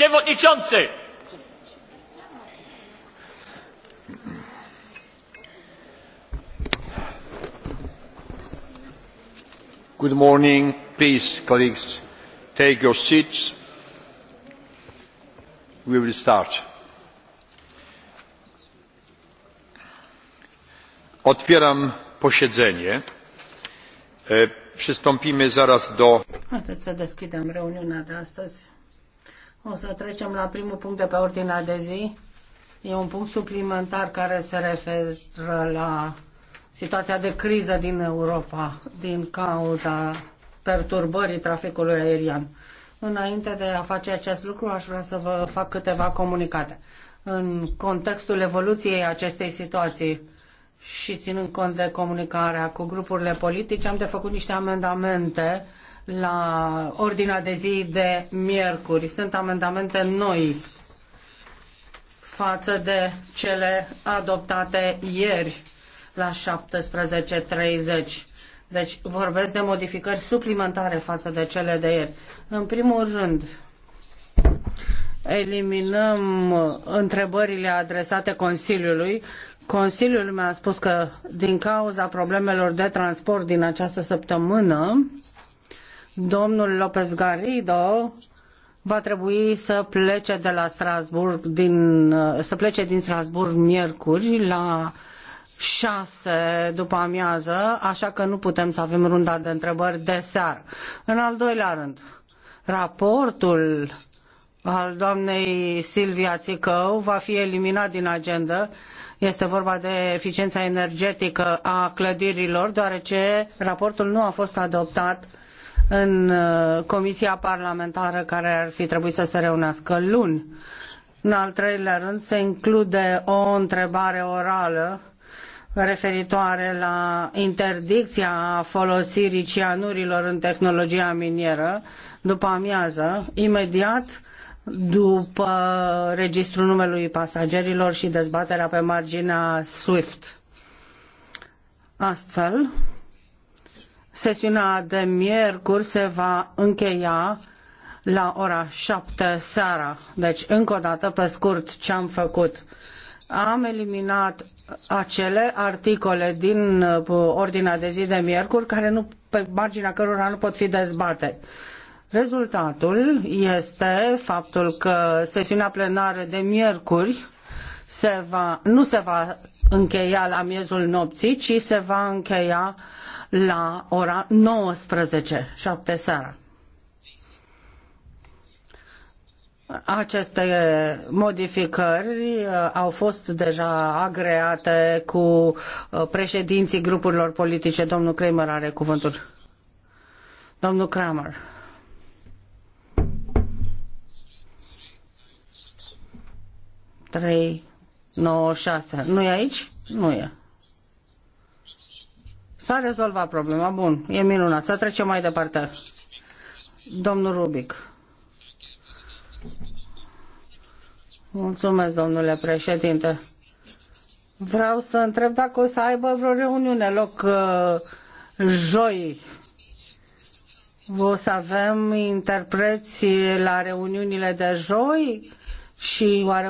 Przewodniczący! Good morning. Please, colleagues, take your seats. We will start. Otwieram posiedzenie. Przystąpimy zaraz do... Haideți să deschidem reuniunea de astăzi. O să trecem la primul punct de pe ordinea de zi. E un punct suplimentar care se referă la situația de criză din Europa din cauza perturbării traficului aerian. Înainte de a face acest lucru, aș vrea să vă fac câteva comunicate. În contextul evoluției acestei situații și ținând cont de comunicarea cu grupurile politice, am de făcut niște amendamente uh, la ordinea de zi de miercuri. Sunt amendamente noi față de cele adoptate ieri la 17.30. Deci vorbesc de modificări suplimentare față de cele de ieri. În primul rând, eliminăm întrebările adresate Consiliului. Consiliul mi-a spus că din cauza problemelor de transport din această săptămână, Domnul López Garrido va trebui să plece de la Strasburg din, să plece din Strasburg miercuri la 6 după amiază, așa că nu putem să avem runda de întrebări de seară. În al doilea rând, raportul al doamnei Silvia Țicău va fi eliminat din agenda. Este vorba de eficiența energetică a clădirilor, deoarece raportul nu a fost adoptat în uh, comisia parlamentară care ar fi trebuit să se reunească luni. În al treilea rând se include o întrebare orală referitoare la interdicția folosirii cianurilor în tehnologia minieră după amiază, imediat după registrul numelui pasagerilor și dezbaterea pe marginea SWIFT. Astfel, Sesiunea de miercuri se va încheia la ora 7 seara. Deci, încă o dată, pe scurt, ce am făcut. Am eliminat acele articole din uh, ordinea de zi de miercuri care nu, pe marginea cărora nu pot fi dezbateri. Rezultatul este faptul că sesiunea plenară de miercuri se va, nu se va încheia la miezul nopții, ci se va încheia la ora 19, 7 seara. Aceste modificări uh, au fost deja agreate cu uh, președinții grupurilor politice. Domnul Kramer are cuvântul. Domnul Kramer. Trei 96. Nu e aici? Nu e. S-a rezolvat problema. Bun, e minunat. Să trecem mai departe. Domnul Rubic. Mulțumesc, domnule președinte. Vreau să întreb dacă o să aibă vreo reuniune loc uh, joi. O să avem interpreți la reuniunile de joi și oare